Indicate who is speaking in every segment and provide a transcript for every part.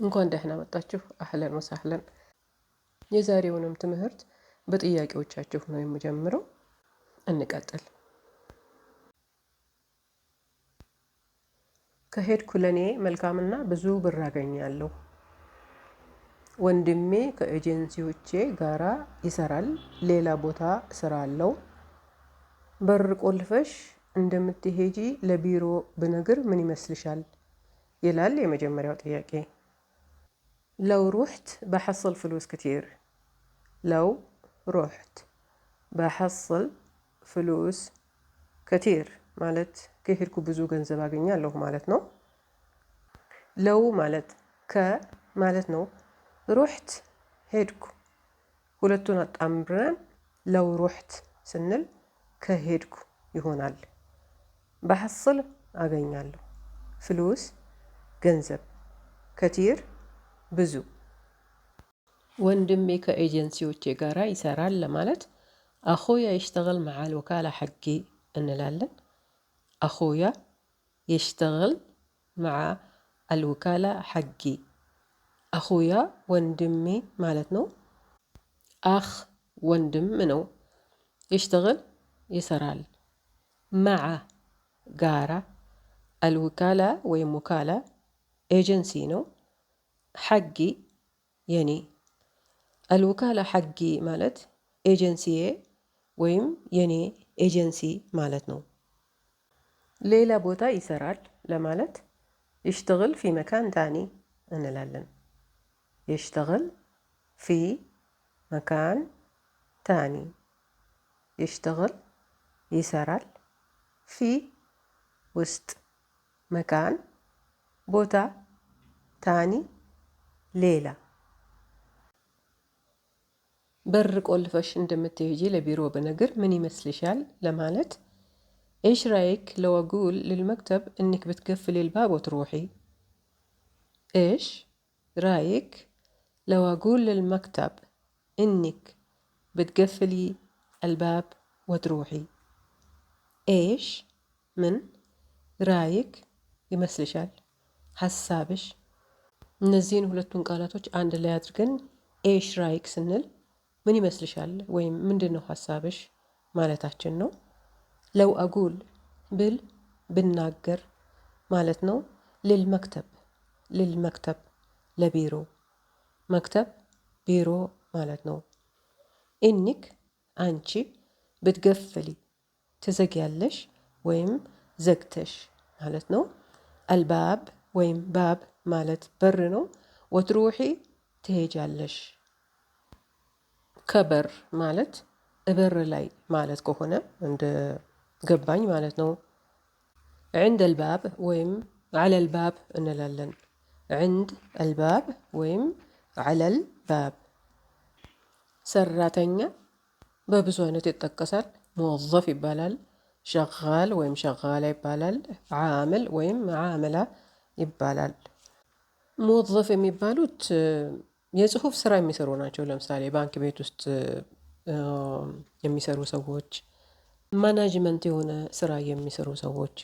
Speaker 1: እንኳን ደህና መጣችሁ። አህለን ወሳህለን። የዛሬውንም ትምህርት በጥያቄዎቻችሁ ነው የምጀምረው። እንቀጥል። ከሄድኩ ለእኔ መልካምና ብዙ ብር አገኛለሁ። ወንድሜ ከኤጀንሲዎቼ ጋራ ይሰራል። ሌላ ቦታ ስራ አለው። በር ቆልፈሽ እንደምትሄጂ ለቢሮ ብነግር ምን ይመስልሻል? ይላል የመጀመሪያው ጥያቄ። لو رحت بحصل فلوس كتير لو رحت بحصل فلوس كتير مالت كهر كبزو جنزب أغنية له مالت نو لو مالت ك مالت نو رحت هيركو ولتونا أمبران لو رحت سنل كهيركو يهونال بحصل أغنية فلوس جنزب كتير ብዙ ወንድሜ ከኤጀንሲዎቼ ጋራ ይሰራል ለማለት አኹያ የሽተغል መዓል ወካላ ሐጌ እንላለን። አኹያ የሽተغል መዓ አልወካላ ሐጌ አኹያ ወንድሜ ማለት ነው። አኽ ወንድም ነው። የሽተغል ይሰራል። መዓ ጋራ አልወካላ ወይም ወካላ ኤጀንሲ ነው። حقي يعني الوكالة حقي مالت ايجنسي ويم يعني ايجنسي مالت نو ليلى بوتا يسرال لمالت يشتغل في مكان تاني انا لالن يشتغل في مكان تاني يشتغل يسرال في وسط مكان بوتا تاني ليلى ሌላ በር ቆልፈሽ እንደምትሄጂ ለቢሮ ብነግር ምን ይመስልሻል? لمالت إيش رايك لو أقول للمكتب إنك بتقفلي الباب وتروحي؟ إيش رايك لو أقول للمكتب إنك بتقفلي الباب وتروحي؟ إيش من رايك يمسلشال حسابش እነዚህን ሁለቱን ቃላቶች አንድ ላይ አድርገን ኤሽ ራይክ ስንል ምን ይመስልሻል ወይም ምንድን ነው ሀሳብሽ ማለታችን ነው። ለው አጉል ብል ብናገር ማለት ነው። ልል መክተብ ልል መክተብ ለቢሮ መክተብ ቢሮ ማለት ነው። ኢኒክ አንቺ ብትገፍሊ ትዘግያለሽ ወይም ዘግተሽ ማለት ነው። አልባብ ወይም ባብ ማለት በር ነው። ወትሩሂ ትሄጃለሽ። ከበር ማለት እበር ላይ ማለት ከሆነ እንደ ገባኝ ማለት ነው። ዕንድ አልባብ ወይም ዓለ ባብ እንላለን። ዕንድ አልባብ ወይም ዓለል ባብ። ሰራተኛ በብዙ አይነት ይጠቀሳል። ሙወዘፍ ይባላል። ሸጋል ወይም ሸጋላ ይባላል። ዓምል ወይም ዓምላ ይባላል። ሙወዘፍ የሚባሉት የጽሁፍ ስራ የሚሰሩ ናቸው። ለምሳሌ ባንክ ቤት ውስጥ የሚሰሩ ሰዎች፣ ማናጅመንት የሆነ ስራ የሚሰሩ ሰዎች፣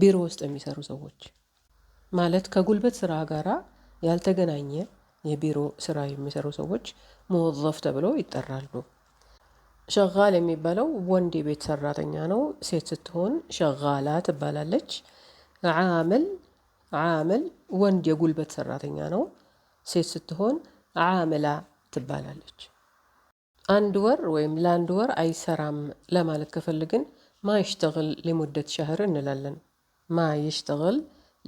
Speaker 1: ቢሮ ውስጥ የሚሰሩ ሰዎች ማለት ከጉልበት ስራ ጋራ ያልተገናኘ የቢሮ ስራ የሚሰሩ ሰዎች ሙወዘፍ ተብለው ይጠራሉ። ሸጋል የሚባለው ወንድ የቤት ሰራተኛ ነው። ሴት ስትሆን ሸጋላ ትባላለች። ዓመል ዓምል ወንድ የጉልበት ሰራተኛ ነው። ሴት ስትሆን ዓምላ ትባላለች። አንድ ወር ወይም ለአንድ ወር አይሰራም ለማለት ከፈልግን ማይሽተግል ሊሙደት ሸህር እንላለን። ማይሽተግል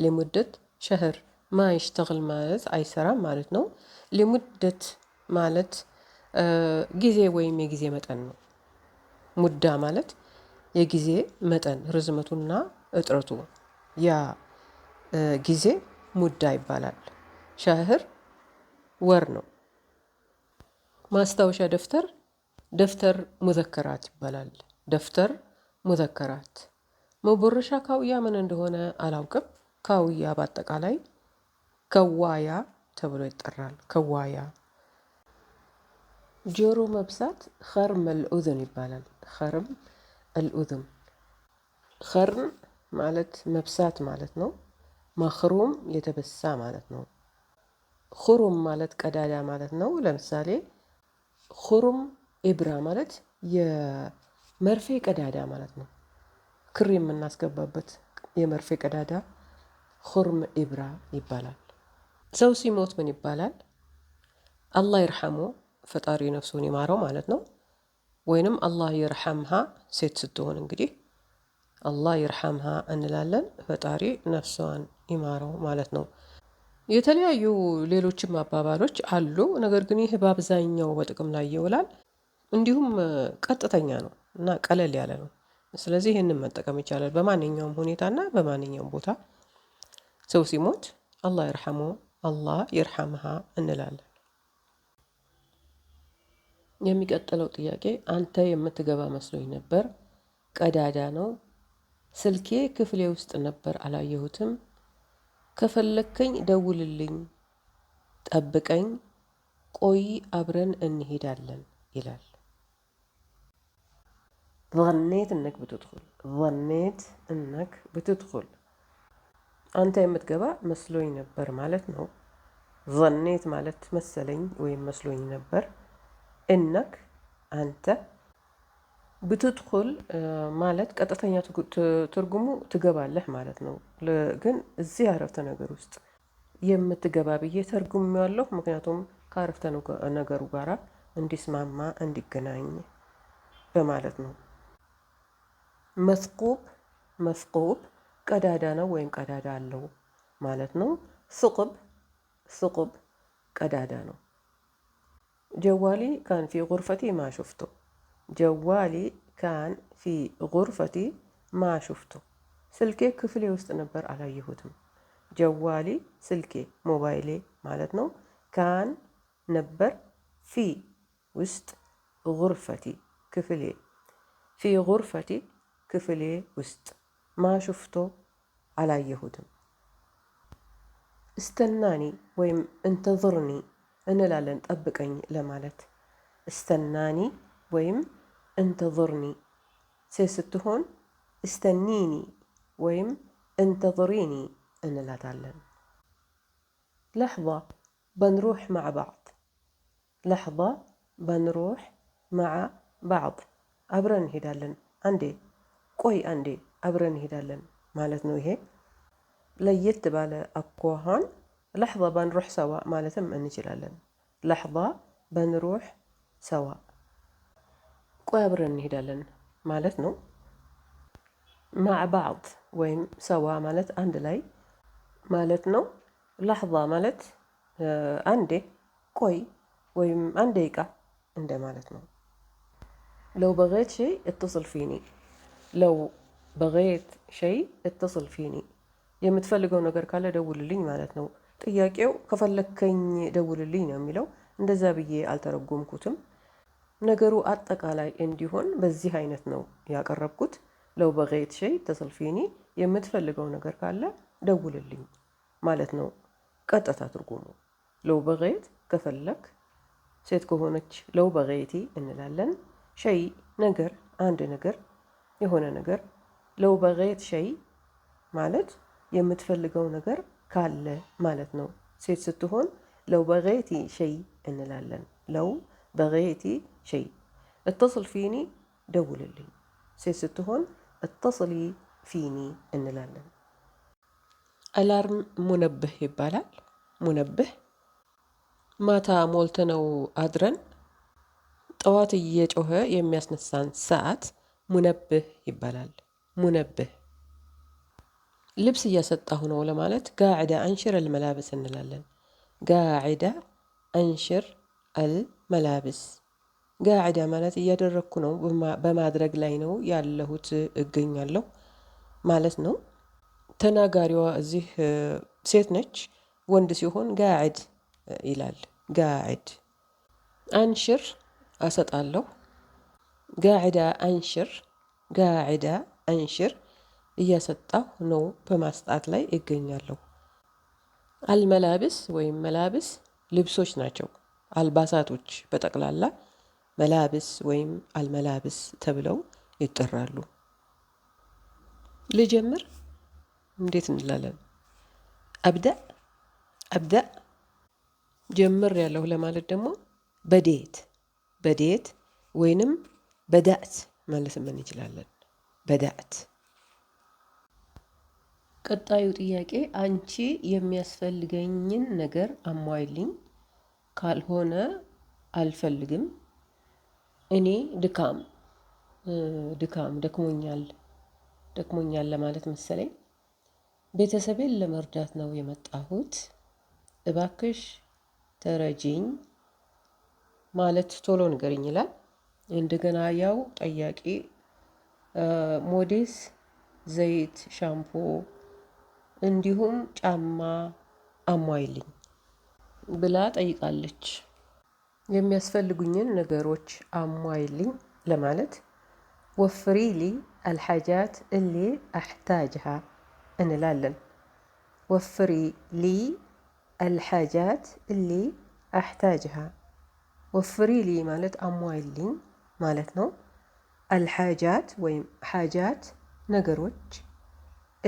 Speaker 1: ሊሙደት ሸህር። ማይሽተግል ማለት አይሰራም ማለት ነው። ሊሙደት ማለት ጊዜ ወይም የጊዜ መጠን ነው። ሙዳ ማለት የጊዜ መጠን ርዝመቱና እጥረቱ ያ ጊዜ ሙዳ ይባላል። ሻህር ወር ነው። ማስታወሻ ደፍተር ደፍተር ሙዘከራት ይባላል። ደፍተር ሙዘከራት። መቦረሻ ካውያ ምን እንደሆነ አላውቅም። ካውያ በአጠቃላይ ከዋያ ተብሎ ይጠራል። ከዋያ። ጆሮ መብሳት ኸርም አልኡዝን ይባላል። ኸርም አልኡዝን። ኸርም ማለት መብሳት ማለት ነው። መክሩም የተበሳ ማለት ነው። ሁሩም ማለት ቀዳዳ ማለት ነው። ለምሳሌ ሁሩም ኢብራ ማለት የመርፌ ቀዳዳ ማለት ነው። ክር የምናስገባበት የመርፌ ቀዳዳ ሁርም ኢብራ ይባላል። ሰው ሲሞት ምን ይባላል? አላህ ይርሐሙ ፈጣሪ ነፍሱን ይማረው ማለት ነው። ወይንም አላህ የርሐምሃ ሴት ስትሆን እንግዲህ አላህ ይርሐምሃ እንላለን። ፈጣሪ ነፍሷን ይማረው ማለት ነው። የተለያዩ ሌሎችም አባባሎች አሉ። ነገር ግን ይህ በአብዛኛው በጥቅም ላይ ይውላል። እንዲሁም ቀጥተኛ ነው እና ቀለል ያለ ነው። ስለዚህ ይህንን መጠቀም ይቻላል በማንኛውም ሁኔታና በማንኛውም ቦታ። ሰው ሲሞት አላህ ይርሐሙ፣ አላህ ይርሐምሃ እንላለን። የሚቀጥለው ጥያቄ አንተ የምትገባ መስሎኝ ነበር፣ ቀዳዳ ነው ስልኬ ክፍሌ ውስጥ ነበር አላየሁትም። ከፈለግከኝ ደውልልኝ፣ ጠብቀኝ፣ ቆይ አብረን እንሄዳለን ይላል። ظنيت انك بتدخل ظنيت انك بتدخل አንተ የምትገባ መስሎኝ ነበር ማለት ነው። ظنيت ማለት መሰለኝ ወይም መስሎኝ ነበር። እነክ አንተ ብትድኩል ማለት ቀጥተኛ ትርጉሙ ትገባለህ ማለት ነው። ግን እዚህ አረፍተ ነገር ውስጥ የምትገባ ብዬ ተርጉሜዋለሁ። ምክንያቱም ከአረፍተ ነገሩ ጋራ እንዲስማማ እንዲገናኝ በማለት ነው። መስቁብ መስቁብ ቀዳዳ ነው ወይም ቀዳዳ አለው ማለት ነው። ስቁብ ስቁብ ቀዳዳ ነው። ጀዋሊ ካን ፊ ጉርፈቲ ማሹፍቶ ጀዋሊ ካን ፊ ጉርፈቲ ማሹፍቱ ስልኬ ክፍሌ ውስጥ ነበር አላየሁትም። ጀዋሌ ስልኬ ሞባይሌ ማለት ነው። ካን ነበር፣ ፊ ውስጥ፣ ጉርፈቲ ክፍሌ፣ ፊ ጉርፈቲ ክፍሌ ውስጥ፣ ማሹፍቶ አላየሁትም። እስተናኒ ወይም እንተዝርኒ እንላለን ጠብቀኝ ለማለት እስተናኒ ወይም انتظرني سيستهون استنيني ويم انتظريني أنا لا تعلم لحظة بنروح مع بعض لحظة بنروح مع بعض أبرن هدالن عندي كوي عندي أبرن هدالن مالت نويه ليت بالا أكوهان لحظة بنروح سوا مالتم أني لحظة بنروح سوا ቆይ አብረን እንሄዳለን ማለት ነው። ማዕ ባዕድ ወይም ሰዋ ማለት አንድ ላይ ማለት ነው። ላሕዛ ማለት አንዴ፣ ቆይ ወይም አንድ ደቂቃ እንደ ማለት ነው። ለው በገይት ሸይ እትስል ፊኒ ለው በገይት ሸይ እትስል ፊኒ የምትፈልገው ነገር ካለ ደውልልኝ ማለት ነው። ጥያቄው ከፈለከኝ ደውልልኝ ነው የሚለው። እንደዛ ብዬ አልተረጎምኩትም። ነገሩ አጠቃላይ እንዲሆን በዚህ አይነት ነው ያቀረብኩት። ለው በቀይት ሸይ ተሰልፊኒ የምትፈልገው ነገር ካለ ደውልልኝ ማለት ነው ቀጥታ ትርጉሙ። ለው በቀየት ከፈለክ ሴት ከሆነች ለው በቀየቲ እንላለን። ሸይ ነገር፣ አንድ ነገር፣ የሆነ ነገር። ለው በቀየት ሸይ ማለት የምትፈልገው ነገር ካለ ማለት ነው። ሴት ስትሆን ለው በቀየቲ ሸይ እንላለን። ለው በቀየቲ شيء اتصل فيني دولልኝ ሴት ስትሆን እተስሊ ፊኒ እንላለን። አላርም ሙነብህ ይባላል። ሙነብህ ማታ ሞልተነው አድረን ጠዋት እየጮኸ የሚያስነሳን ሰዓት ሙነብህ ይባላል። ሙነብህ ልብስ እያሰጣሁ ነው ለማለት ጋዕዳ አንሽር አልመላብስ እንላለን። ጋዕዳ አንሽር አልመላብስ ጋዕዳ ማለት እያደረኩ ነው በማድረግ ላይ ነው ያለሁት እገኛለሁ ማለት ነው። ተናጋሪዋ እዚህ ሴት ነች ወንድ ሲሆን ጋዕድ ይላል ጋዕድ አንሽር አሰጣለሁ ጋዕዳ አንሽር ጋዕዳ አንሽር እያሰጣሁ ነው በማስጣት ላይ እገኛለሁ። አልመላብስ ወይም መላብስ ልብሶች ናቸው አልባሳቶች በጠቅላላ መላብስ ወይም አልመላብስ ተብለው ይጠራሉ። ልጀምር እንዴት እንላለን? አብደእ አብደእ ጀምር ያለሁ ለማለት ደግሞ በዴት በዴት ወይንም በዳእት ማለት ምን እንችላለን? በዳእት ቀጣዩ ጥያቄ አንቺ የሚያስፈልገኝን ነገር አሟይልኝ፣ ካልሆነ አልፈልግም እኔ ድካም ድካም ደክሞኛል ደክሞኛል ለማለት መሰለኝ ቤተሰቤን ለመርዳት ነው የመጣሁት እባክሽ ተረጂኝ ማለት ቶሎ ንገሪኝ ይላል። እንደገና ያው ጠያቂ ሞዴስ፣ ዘይት፣ ሻምፖ እንዲሁም ጫማ አሟይልኝ ብላ ጠይቃለች። የሚያስፈልጉኝን ነገሮች አሟይልኝ ለማለት ወፍሪሊ አልሓጃት እሊ አሕታጅሃ እንላለን። ወፍሪ ሊ አልሓጃት እሊ አሕታጅሃ። ወፍሪሊ ማለት አሟይልኝ ማለት ነው። አልሓጃት ወይም ሓጃት ነገሮች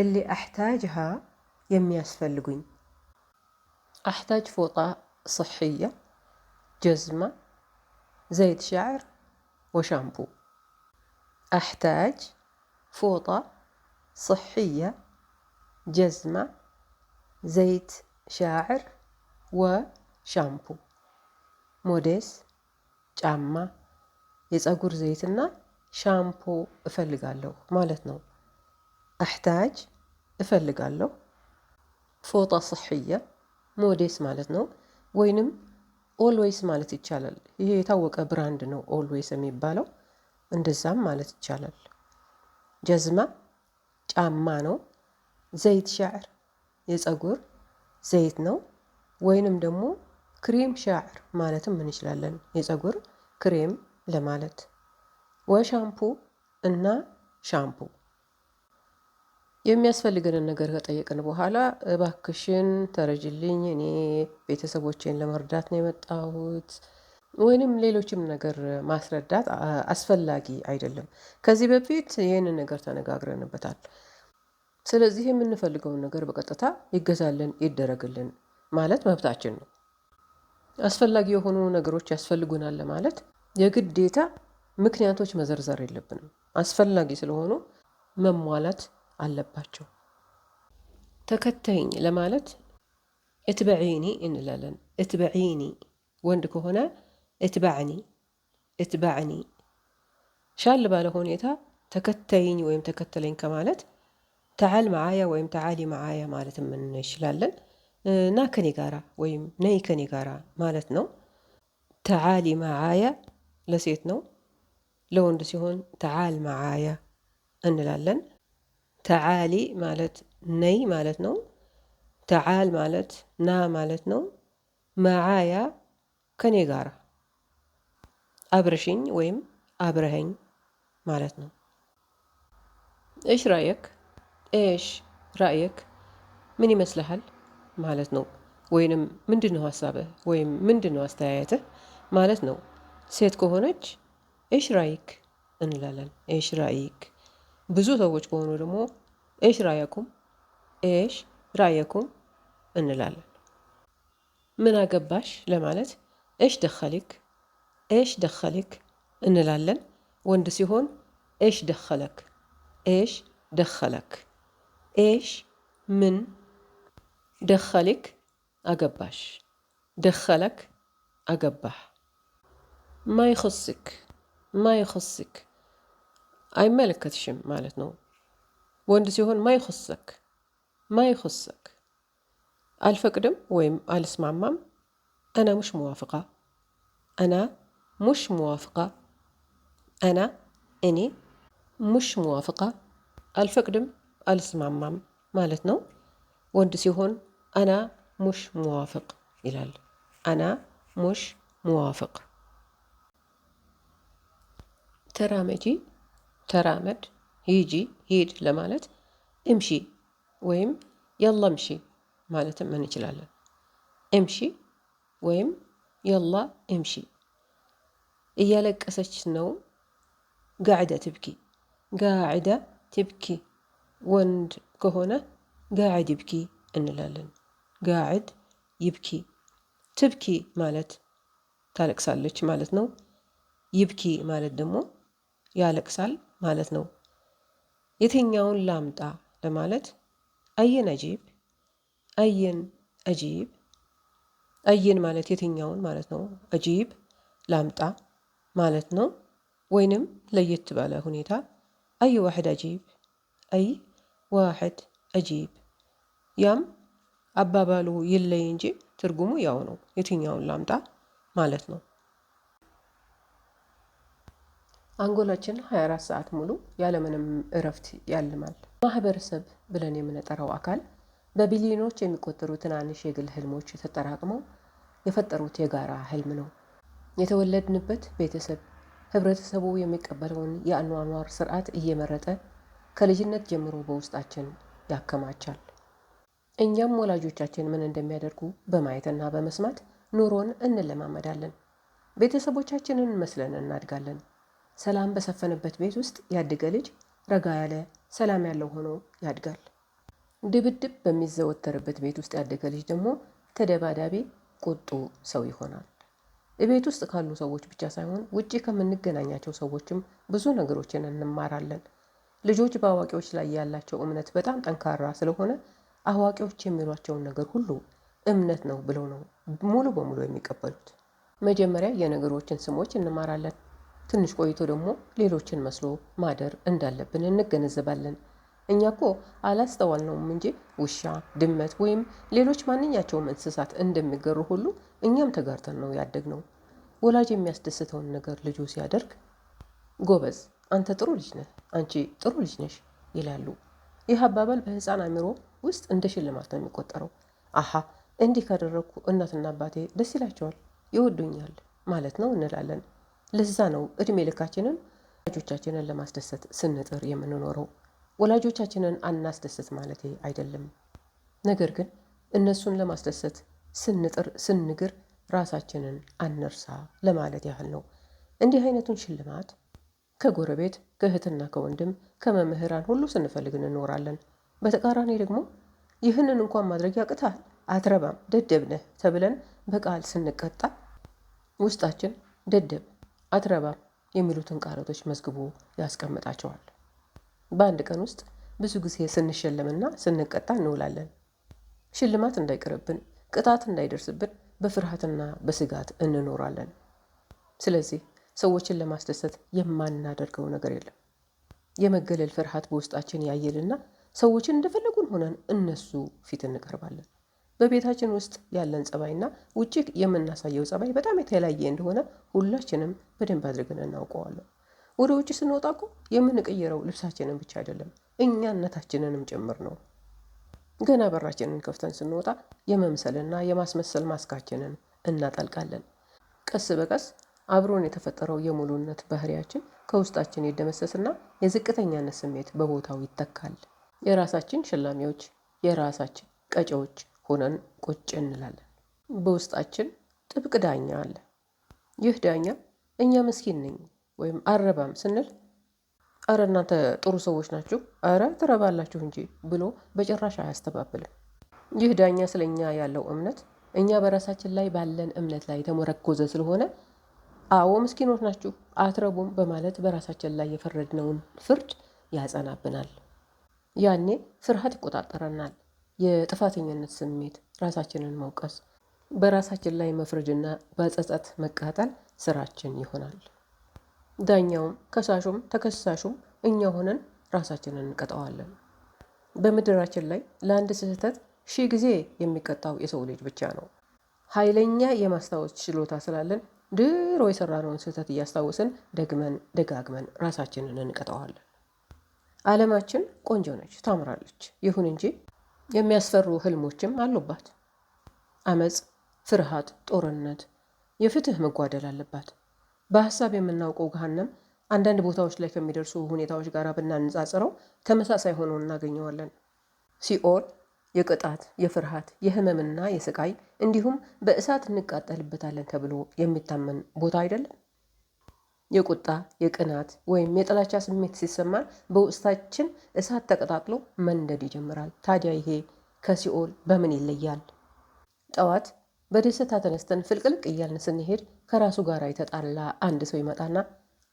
Speaker 1: እሊ አሕታጅሃ የሚያስፈልጉኝ አሕታጅ ፎጣ صحية جزمة زيت شعر وشامبو أحتاج فوطة صحية جزمة زيت شاعر وشامبو موديس جامة يزأقر زيتنا شامبو أفلق له مالتنا أحتاج أفلق له فوطة صحية موديس مالتنا وينم ኦልዌይስ ማለት ይቻላል። ይሄ የታወቀ ብራንድ ነው ኦልዌይስ የሚባለው እንደዛም ማለት ይቻላል። ጀዝማ ጫማ ነው። ዘይት ሻዕር የፀጉር ዘይት ነው። ወይንም ደግሞ ክሬም ሻዕር ማለትም እንችላለን የፀጉር ክሬም ለማለት ወሻምፑ እና ሻምፑ የሚያስፈልገንን ነገር ከጠየቅን በኋላ እባክሽን ተረጅልኝ፣ እኔ ቤተሰቦቼን ለመርዳት ነው የመጣሁት ወይንም ሌሎችም ነገር ማስረዳት አስፈላጊ አይደለም። ከዚህ በፊት ይህንን ነገር ተነጋግረንበታል። ስለዚህ የምንፈልገውን ነገር በቀጥታ ይገዛልን ይደረግልን ማለት መብታችን ነው። አስፈላጊ የሆኑ ነገሮች ያስፈልጉናል ለማለት የግዴታ ምክንያቶች መዘርዘር የለብንም። አስፈላጊ ስለሆኑ መሟላት አለባቸው። ተከተይኝ ለማለት እትበዒኒ እንላለን። እትበዒኒ ወንድ ከሆነ እትባዕኒ እትባዕኒ፣ ሻል ባለ ሁኔታ ተከተይኝ ወይም ተከተለኝ ከማለት ተዓል መዓያ ወይም ተዓሊ መዓያ ማለት እንችላለን። ና ከኔ ጋራ ወይም ነይ ከኔ ጋራ ማለት ነው። ተዓሊ መዓያ ለሴት ነው። ለወንድ ሲሆን ተዓል መዓያ እንላለን። ተዓሊ ማለት ነይ ማለት ነው። ተዓል ማለት ና ማለት ነው። መዓያ ከኔ ጋር አብረሽኝ ወይም አብረኸኝ ማለት ነው። እሽ ራእየክ፣ እሽ ራእየክ ምን ይመስልሃል ማለት ነው። ወይንም ምንድን ነው ሀሳብህ ወይም ምንድን ነው አስተያየትህ ማለት ነው። ሴት ከሆነች እሽ ራይክ እንላለን። እሽ ራእይክ ብዙ ሰዎች ከሆኑ ደግሞ ኤሽ ራየኩም ኤሽ ራየኩም እንላለን። ምን አገባሽ ለማለት ኤሽ ደኸሊክ ኤሽ ደኸሊክ እንላለን። ወንድ ሲሆን ኤሽ ደኸለክ ኤሽ ደኸለክ ኤሽ ምን ደኸሊክ አገባሽ ደኸለክ አገባህ ማይኸስክ ማይኸስክ أي ملكة شم مالت نو وندسي هون ما يخصك ما يخصك الفقدم ويم ألس مامام أنا مش موافقة أنا مش موافقة أنا إني مش موافقة الفقدم ألس مامام مالت نو وندسي هون أنا مش موافق إلى أنا مش موافق ترى مجي ተራመድ፣ ሂጂ፣ ሂድ ለማለት እምሺ ወይም የላ እምሺ ማለትም እንችላለን። እምሺ ወይም የላ እምሺ። እያለቀሰች ነው። ጋዕደ ትብኪ፣ ጋዕደ ትብኪ። ወንድ ከሆነ ጋዕድ ይብኪ እንላለን። ጋዕድ ይብኪ። ትብኪ ማለት ታለቅሳለች ማለት ነው። ይብኪ ማለት ደግሞ ያለቅሳል ማለት ነው። የትኛውን ላምጣ ለማለት አየን አጂብ፣ አየን አጂብ። አየን ማለት የትኛውን ማለት ነው። አጂብ ላምጣ ማለት ነው። ወይንም ለየት ባለ ሁኔታ አይ ዋሕድ አጂብ፣ አይ ዋሕድ አጂብ። ያም አባባሉ ይለይ እንጂ ትርጉሙ ያው ነው። የትኛውን ላምጣ ማለት ነው። አንጎላችን 24 ሰዓት ሙሉ ያለምንም እረፍት ያልማል። ማህበረሰብ ብለን የምንጠራው አካል በቢሊዮኖች የሚቆጠሩ ትናንሽ የግል ህልሞች ተጠራቅመው የፈጠሩት የጋራ ህልም ነው። የተወለድንበት ቤተሰብ ህብረተሰቡ የሚቀበለውን የአኗኗር ስርዓት እየመረጠ ከልጅነት ጀምሮ በውስጣችን ያከማቻል። እኛም ወላጆቻችን ምን እንደሚያደርጉ በማየትና በመስማት ኑሮን እንለማመዳለን። ቤተሰቦቻችንን መስለን እናድጋለን። ሰላም በሰፈነበት ቤት ውስጥ ያደገ ልጅ ረጋ ያለ ሰላም ያለው ሆኖ ያድጋል። ድብድብ በሚዘወተርበት ቤት ውስጥ ያደገ ልጅ ደግሞ ተደባዳቢ፣ ቁጡ ሰው ይሆናል። ቤት ውስጥ ካሉ ሰዎች ብቻ ሳይሆን ውጪ ከምንገናኛቸው ሰዎችም ብዙ ነገሮችን እንማራለን። ልጆች በአዋቂዎች ላይ ያላቸው እምነት በጣም ጠንካራ ስለሆነ አዋቂዎች የሚሏቸውን ነገር ሁሉ እምነት ነው ብለው ነው ሙሉ በሙሉ የሚቀበሉት። መጀመሪያ የነገሮችን ስሞች እንማራለን። ትንሽ ቆይቶ ደግሞ ሌሎችን መስሎ ማደር እንዳለብን እንገነዘባለን። እኛ እኮ አላስተዋልነውም እንጂ ውሻ፣ ድመት ወይም ሌሎች ማንኛቸውም እንስሳት እንደሚገሩ ሁሉ እኛም ተጋርተን ነው ያደግነው። ወላጅ የሚያስደስተውን ነገር ልጁ ሲያደርግ ጎበዝ፣ አንተ ጥሩ ልጅ ነህ፣ አንቺ ጥሩ ልጅ ነሽ ይላሉ። ይህ አባባል በህፃን አእምሮ ውስጥ እንደ ሽልማት ነው የሚቆጠረው። አሃ እንዲህ ካደረግኩ እናትና አባቴ ደስ ይላቸዋል፣ ይወዱኛል ማለት ነው እንላለን። ለዛ ነው እድሜ ልካችንን ወላጆቻችንን ለማስደሰት ስንጥር የምንኖረው። ወላጆቻችንን አናስደሰት ማለት አይደለም። ነገር ግን እነሱን ለማስደሰት ስንጥር ስንግር ራሳችንን አንርሳ ለማለት ያህል ነው። እንዲህ አይነቱን ሽልማት ከጎረቤት ከእህትና ከወንድም ከመምህራን ሁሉ ስንፈልግ እንኖራለን። በተቃራኒ ደግሞ ይህንን እንኳን ማድረግ ያቅታል፣ አትረባም፣ ደደብ ነህ ተብለን በቃል ስንቀጣ ውስጣችን ደደብ አትረባም የሚሉትን ቃላቶች መዝግቦ ያስቀምጣቸዋል። በአንድ ቀን ውስጥ ብዙ ጊዜ ስንሸለምና ስንቀጣ እንውላለን። ሽልማት እንዳይቀርብን፣ ቅጣት እንዳይደርስብን በፍርሃትና በስጋት እንኖራለን። ስለዚህ ሰዎችን ለማስደሰት የማናደርገው ነገር የለም። የመገለል ፍርሃት በውስጣችን ያየልና ሰዎችን እንደፈለጉን ሆነን እነሱ ፊት እንቀርባለን። በቤታችን ውስጥ ያለን ጸባይና ውጭ የምናሳየው ጸባይ በጣም የተለያየ እንደሆነ ሁላችንም በደንብ አድርገን እናውቀዋለን። ወደ ውጭ ስንወጣ እኮ የምንቀይረው ልብሳችንን ብቻ አይደለም፣ እኛነታችንንም ጭምር ነው። ገና በራችንን ከፍተን ስንወጣ የመምሰልና የማስመሰል ማስካችንን እናጠልቃለን። ቀስ በቀስ አብሮን የተፈጠረው የሙሉነት ባህሪያችን ከውስጣችን ይደመሰስና የዝቅተኛነት ስሜት በቦታው ይተካል። የራሳችን ሽላሚዎች፣ የራሳችን ቀጫዎች። ሆነን ቁጭ እንላለን። በውስጣችን ጥብቅ ዳኛ አለ። ይህ ዳኛ እኛ ምስኪን ነኝ ወይም አረባም ስንል አረ እናንተ ጥሩ ሰዎች ናችሁ፣ አረ ትረባላችሁ እንጂ ብሎ በጭራሽ አያስተባብልም። ይህ ዳኛ ስለ እኛ ያለው እምነት እኛ በራሳችን ላይ ባለን እምነት ላይ የተሞረኮዘ ስለሆነ አዎ ምስኪኖች ናችሁ፣ አትረቡም በማለት በራሳችን ላይ የፈረድነውን ፍርድ ያጸናብናል። ያኔ ፍርሃት ይቆጣጠረናል። የጥፋተኝነት ስሜት፣ ራሳችንን መውቀስ፣ በራሳችን ላይ መፍረድና በጸጸት መቃጠል ስራችን ይሆናል። ዳኛውም ከሳሹም ተከሳሹም እኛ ሆነን ራሳችንን እንቀጠዋለን። በምድራችን ላይ ለአንድ ስህተት ሺህ ጊዜ የሚቀጣው የሰው ልጅ ብቻ ነው። ኃይለኛ የማስታወስ ችሎታ ስላለን ድሮ የሰራነውን ስህተት እያስታወስን ደግመን ደጋግመን ራሳችንን እንቀጠዋለን። ዓለማችን ቆንጆ ነች፣ ታምራለች። ይሁን እንጂ የሚያስፈሩ ህልሞችም አሉባት። አመፅ፣ ፍርሃት፣ ጦርነት፣ የፍትህ መጓደል አለባት። በሀሳብ የምናውቀው ገሃነም አንዳንድ ቦታዎች ላይ ከሚደርሱ ሁኔታዎች ጋር ብናነጻጽረው ተመሳሳይ ሆኖ እናገኘዋለን። ሲኦል የቅጣት የፍርሃት የህመምና የስቃይ እንዲሁም በእሳት እንቃጠልበታለን ተብሎ የሚታመን ቦታ አይደለም። የቁጣ የቅናት ወይም የጥላቻ ስሜት ሲሰማን በውስጣችን እሳት ተቀጣጥሎ መንደድ ይጀምራል። ታዲያ ይሄ ከሲኦል በምን ይለያል? ጠዋት በደስታ ተነስተን ፍልቅልቅ እያልን ስንሄድ ከራሱ ጋር የተጣላ አንድ ሰው ይመጣና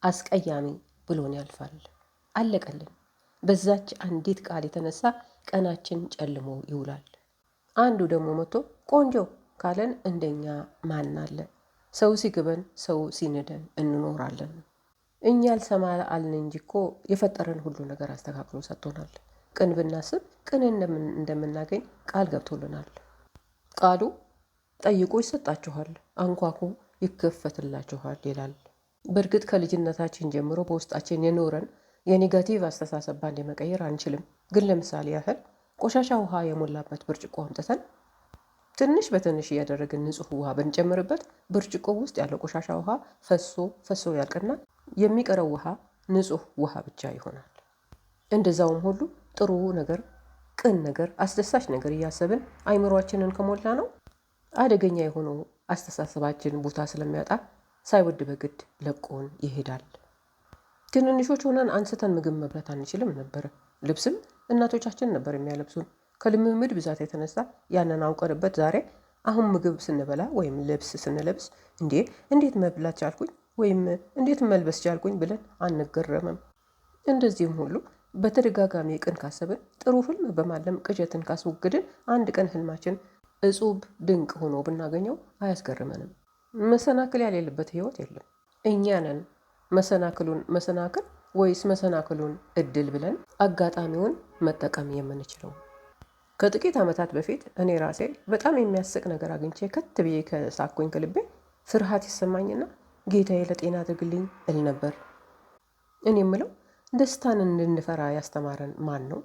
Speaker 1: አስቀያሚ ብሎን ያልፋል። አለቀልን። በዛች አንዲት ቃል የተነሳ ቀናችን ጨልሞ ይውላል። አንዱ ደግሞ መጥቶ ቆንጆ ካለን እንደኛ ማን አለ? ሰው ሲግበን ሰው ሲንደን እንኖራለን። እኛ አልሰማ አልን እንጂ እኮ የፈጠረን ሁሉ ነገር አስተካክሎ ሰጥቶናል። ቅን ብናስብ ቅን እንደምናገኝ ቃል ገብቶልናል። ቃሉ ጠይቁ ይሰጣችኋል፣ አንኳኩ ይከፈትላችኋል ይላል። በእርግጥ ከልጅነታችን ጀምሮ በውስጣችን የኖረን የኔጋቲቭ አስተሳሰብ ባንዴ መቀየር አንችልም። ግን ለምሳሌ ያህል ቆሻሻ ውሃ የሞላበት ብርጭቆ አምጥተን ትንሽ በትንሽ እያደረግን ንጹህ ውሃ ብንጨምርበት ብርጭቆ ውስጥ ያለው ቆሻሻ ውሃ ፈሶ ፈሶ ያልቅና የሚቀረው ውሃ ንጹህ ውሃ ብቻ ይሆናል። እንደዛውም ሁሉ ጥሩ ነገር፣ ቅን ነገር፣ አስደሳች ነገር እያሰብን አይምሯችንን ከሞላ ነው አደገኛ የሆነው አስተሳሰባችን ቦታ ስለሚያጣ ሳይወድ በግድ ለቆን ይሄዳል። ትንንሾች ሆነን አንስተን ምግብ መብላት አንችልም ነበር። ልብስም እናቶቻችን ነበር የሚያለብሱን። ከልምምድ ብዛት የተነሳ ያንን አውቀንበት ዛሬ አሁን ምግብ ስንበላ ወይም ልብስ ስንለብስ እንዴ እንዴት መብላት ቻልኩኝ ወይም እንዴት መልበስ ቻልኩኝ ብለን አንገረምም። እንደዚህም ሁሉ በተደጋጋሚ ቅን ካሰብን ጥሩ ህልም በማለም ቅዠትን ካስወግድን አንድ ቀን ህልማችን እጹብ ድንቅ ሆኖ ብናገኘው አያስገርመንም። መሰናክል ያሌለበት ህይወት የለም። እኛንን መሰናክሉን መሰናክል ወይስ መሰናክሉን እድል ብለን አጋጣሚውን መጠቀም የምንችለው? ከጥቂት ዓመታት በፊት እኔ ራሴ በጣም የሚያስቅ ነገር አግኝቼ ከት ብዬ ከሳኩኝ ከልቤ ፍርሃት ይሰማኝና ጌታዬ ለጤና አድርግልኝ እል ነበር። እኔ የምለው ደስታን እንድንፈራ ያስተማረን ማን ነው?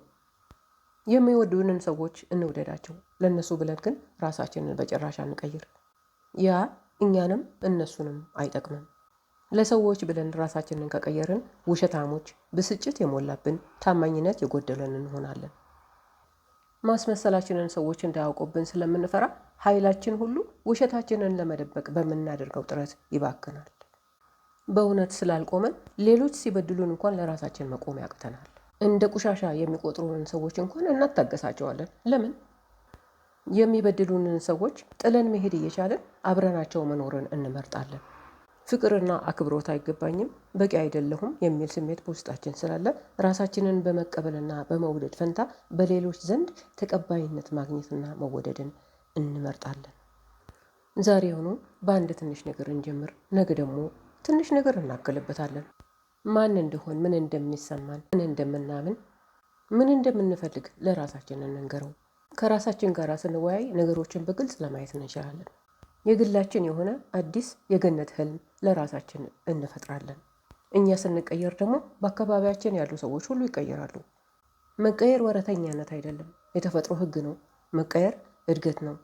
Speaker 1: የሚወዱንን ሰዎች እንውደዳቸው፣ ለእነሱ ብለን ግን ራሳችንን በጭራሽ አንቀይር። ያ እኛንም እነሱንም አይጠቅምም። ለሰዎች ብለን ራሳችንን ከቀየርን ውሸታሞች፣ ብስጭት የሞላብን፣ ታማኝነት የጎደለን እንሆናለን። ማስመሰላችንን ሰዎች እንዳያውቁብን ስለምንፈራ ኃይላችን ሁሉ ውሸታችንን ለመደበቅ በምናደርገው ጥረት ይባክናል። በእውነት ስላልቆመን ሌሎች ሲበድሉን እንኳን ለራሳችን መቆም ያቅተናል። እንደ ቁሻሻ የሚቆጥሩንን ሰዎች እንኳን እናታገሳቸዋለን። ለምን? የሚበድሉንን ሰዎች ጥለን መሄድ እየቻለን አብረናቸው መኖርን እንመርጣለን። ፍቅርና አክብሮት አይገባኝም፣ በቂ አይደለሁም የሚል ስሜት በውስጣችን ስላለ ራሳችንን በመቀበልና በመውደድ ፈንታ በሌሎች ዘንድ ተቀባይነት ማግኘትና መወደድን እንመርጣለን። ሆኖ በአንድ ትንሽ ነገር እንጀምር፣ ነገ ደግሞ ትንሽ ነገር እናክልበታለን። ማን እንደሆን፣ ምን እንደሚሰማን፣ ምን እንደምናምን፣ ምን እንደምንፈልግ ለራሳችን እንንገረው። ከራሳችን ጋር ስንወያይ ነገሮችን በግልጽ ለማየት እንችላለን። የግላችን የሆነ አዲስ የገነት ህልም ለራሳችን እንፈጥራለን። እኛ ስንቀየር ደግሞ በአካባቢያችን ያሉ ሰዎች ሁሉ ይቀየራሉ። መቀየር ወረተኛነት አይደለም፣ የተፈጥሮ ህግ ነው። መቀየር እድገት ነው።